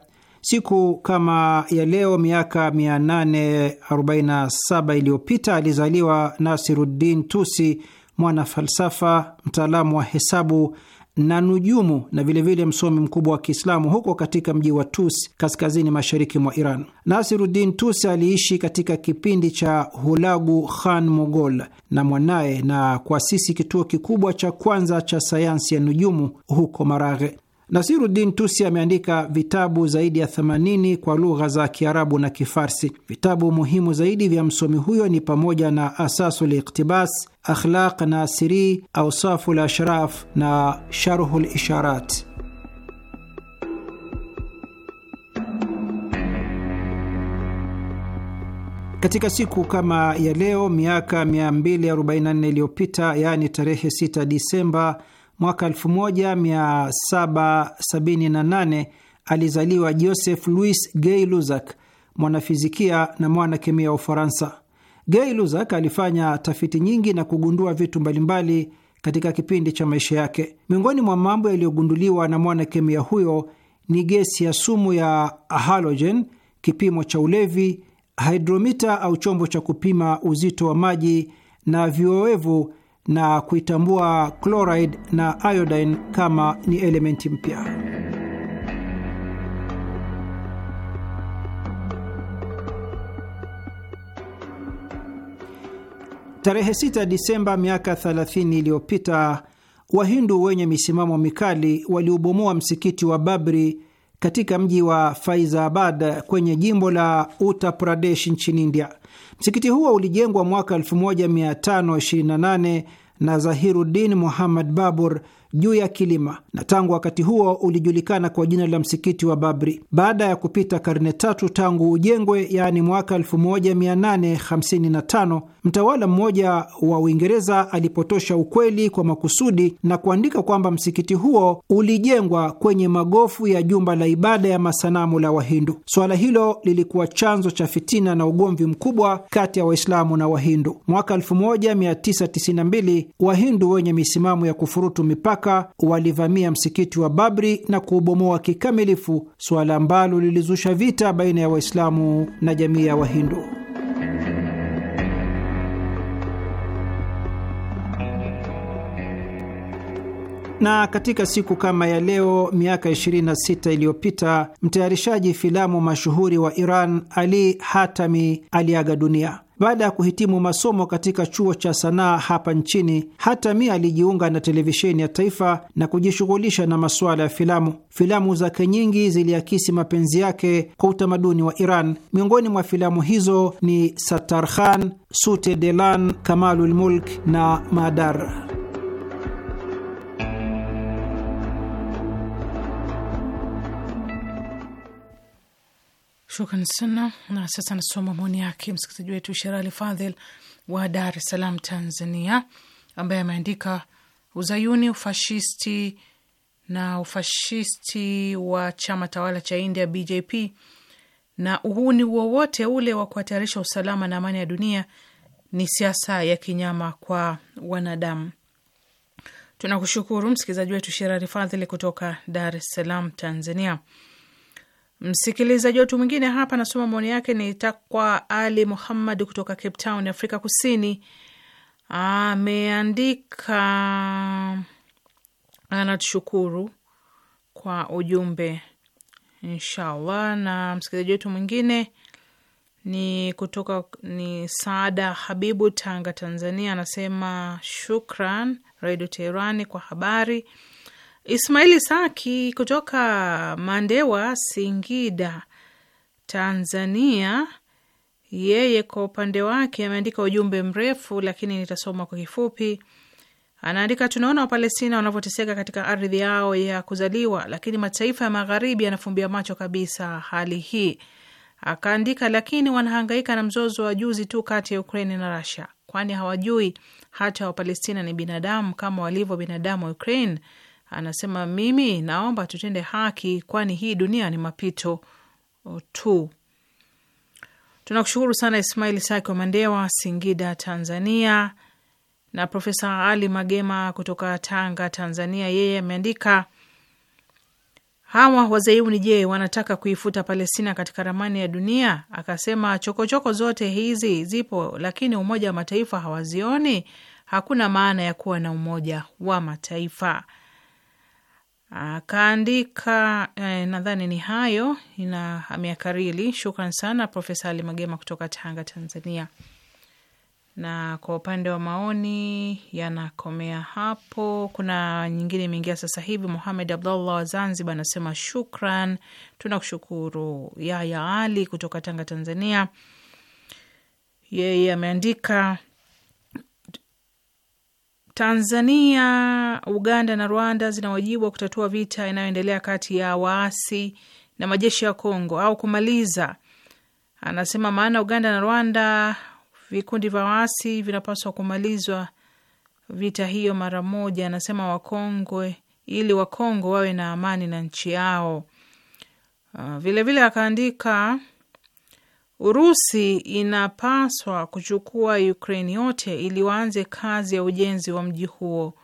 Siku kama ya leo miaka 847 iliyopita alizaliwa Nasiruddin Tusi, mwana falsafa, mtaalamu wa hesabu na nujumu na vilevile msomi mkubwa wa Kiislamu huko katika mji wa Tusi kaskazini mashariki mwa Iran. Nasiruddin Tusi aliishi katika kipindi cha Hulagu Khan Mogol na mwanaye na kuasisi kituo kikubwa cha kwanza cha sayansi ya nujumu huko Maraghe. Nasiruddin Tusi ameandika vitabu zaidi ya 80 kwa lugha za Kiarabu na Kifarsi. Vitabu muhimu zaidi vya msomi huyo ni pamoja na Asasu Liktibas, Akhlaq Nasiri, Ausafu Lashraf na Sharhu Lisharat. Katika siku kama ya leo miaka 244 iliyopita, yaani tarehe 6 Disemba Mwaka 1778 alizaliwa Joseph Louis Gay luzak mwanafizikia na mwana kemia wa Ufaransa. Gay luzak alifanya tafiti nyingi na kugundua vitu mbalimbali katika kipindi cha maisha yake. Miongoni mwa mambo yaliyogunduliwa na mwana kemia huyo ni gesi ya sumu ya halogen, kipimo cha ulevi, hidromita au chombo cha kupima uzito wa maji na vioevu na kuitambua chloride na iodine kama ni elementi mpya. Tarehe 6 Disemba miaka 30 iliyopita Wahindu wenye misimamo mikali waliubomoa msikiti wa Babri katika mji wa Faizabad kwenye jimbo la Uttar Pradesh nchini India. Msikiti huo ulijengwa mwaka 1528 na Zahiruddin Muhammad Babur juu ya kilima, na tangu wakati huo ulijulikana kwa jina la msikiti wa Babri. Baada ya kupita karne tatu tangu ujengwe, yaani mwaka 1855, mtawala mmoja wa Uingereza alipotosha ukweli kwa makusudi na kuandika kwamba msikiti huo ulijengwa kwenye magofu ya jumba la ibada ya masanamu la Wahindu. Swala hilo lilikuwa chanzo cha fitina na ugomvi mkubwa kati ya Waislamu na Wahindu. Mwaka 1992 Wahindu wenye misimamo ya kufurutu mipaka Baraka walivamia msikiti wa Babri na kuubomoa kikamilifu, suala ambalo lilizusha vita baina ya Waislamu na jamii ya Wahindu. na katika siku kama ya leo miaka 26 iliyopita mtayarishaji filamu mashuhuri wa Iran Ali Hatami aliaga dunia. Baada ya kuhitimu masomo katika chuo cha sanaa hapa nchini, Hatami alijiunga na televisheni ya taifa na kujishughulisha na masuala ya filamu. Filamu zake nyingi ziliakisi mapenzi yake kwa utamaduni wa Iran. Miongoni mwa filamu hizo ni Satarkhan, Sute Delan, Kamalul Mulk na Madar. Shukran sana. Na sasa nasoma maoni yake msikilizaji wetu Sherali Fadhil wa Dar es Salaam, Tanzania, ambaye ameandika uzayuni, ufashisti na ufashisti wa chama tawala cha India BJP na uhuni wowote ule wa kuhatarisha usalama na amani ya dunia ni siasa ya kinyama kwa wanadamu. Tunakushukuru msikilizaji wetu Sherali Fadhili kutoka Dar es Salaam, Tanzania. Msikilizaji wetu mwingine hapa anasoma maoni yake, ni Takwa Ali Muhammad kutoka Cape Town, Afrika Kusini. Ameandika, anatushukuru kwa ujumbe inshallah. Na msikilizaji wetu mwingine ni kutoka ni Saada Habibu, Tanga, Tanzania, anasema shukran redio Teherani kwa habari Ismaili Saki kutoka Mandewa, Singida, Tanzania, yeye kwa upande wake ameandika ujumbe mrefu, lakini nitasoma kwa kifupi. Anaandika, tunaona Wapalestina wanavyoteseka katika ardhi yao ya kuzaliwa, lakini mataifa ya Magharibi yanafumbia macho kabisa hali hii. Akaandika, lakini wanahangaika na mzozo wa juzi tu kati ya Ukraini na Rasia, kwani hawajui hata Wapalestina ni binadamu kama walivyo binadamu wa Ukraine anasema, mimi naomba tutende haki, kwani hii dunia ni mapito oh, tu. Tunakushukuru sana Ismail Saki wa Mandewa, Singida, Tanzania, na Profesa Ali Magema kutoka Tanga, Tanzania. Yeye ameandika hawa wazayuni, je, wanataka kuifuta Palestina katika ramani ya dunia? Akasema chokochoko zote hizi zipo, lakini Umoja wa Mataifa hawazioni. Hakuna maana ya kuwa na Umoja wa Mataifa. Akaandika eh, nadhani ni hayo, ina ameakariri. Shukran sana Profesa Ali Magema kutoka Tanga, Tanzania. Na kwa upande wa maoni yanakomea hapo. Kuna nyingine imeingia sasa hivi. Muhamed Abdullah wa Zanzibar anasema shukran, tunakushukuru. Yaya Ali kutoka Tanga, Tanzania, yeye ameandika Tanzania, Uganda na Rwanda zina wajibu wa kutatua vita inayoendelea kati ya waasi na majeshi ya Kongo au kumaliza, anasema. Maana Uganda na Rwanda vikundi vya waasi vinapaswa kumalizwa vita hiyo mara moja, anasema Wakongwe, ili Wakongo wawe na amani na nchi yao. Vilevile uh, vile akaandika Urusi inapaswa kuchukua Ukraine yote ili waanze kazi ya ujenzi wa mji huo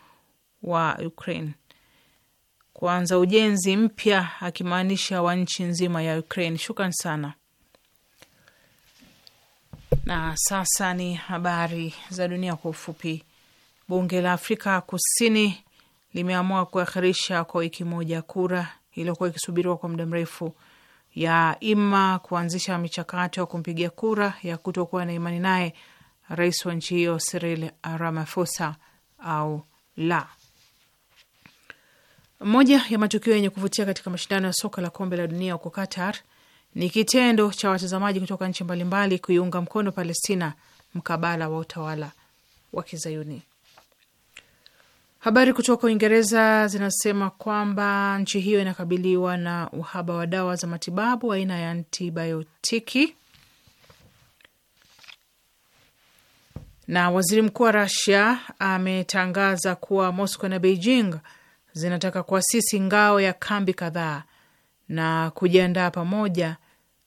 wa Ukraine. Kuanza ujenzi mpya akimaanisha wa nchi nzima ya Ukraine. Shukran sana. Na sasa ni habari za dunia kwa ufupi. Bunge la Afrika Kusini limeamua kuakhirisha kwa wiki moja kura iliyokuwa ikisubiriwa kwa muda mrefu ya ima kuanzisha michakato ya kumpigia kura ya kutokuwa na imani naye rais wa nchi hiyo Cyril Ramaphosa au la. Moja ya matukio yenye kuvutia katika mashindano ya soka la kombe la dunia huko Qatar ni kitendo cha watazamaji kutoka nchi mbalimbali kuiunga mkono Palestina mkabala wa utawala wa Kizayuni. Habari kutoka Uingereza zinasema kwamba nchi hiyo inakabiliwa na uhaba wa dawa za matibabu aina ya antibiotiki. Na waziri mkuu wa Rasia ametangaza kuwa Moscow na Beijing zinataka kuasisi ngao ya kambi kadhaa na kujiandaa pamoja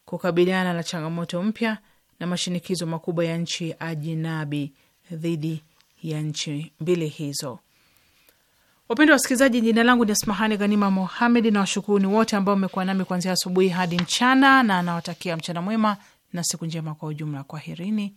kukabiliana na changamoto mpya na mashinikizo makubwa ya nchi ajinabi dhidi ya nchi mbili hizo. Wapendwa wasikilizaji, jina langu ni Asmahani Ghanima Mohamed na washukuruni wote ambao mmekuwa nami kuanzia asubuhi hadi mchana, na nawatakia mchana mwema na siku njema kwa ujumla. Kwaherini.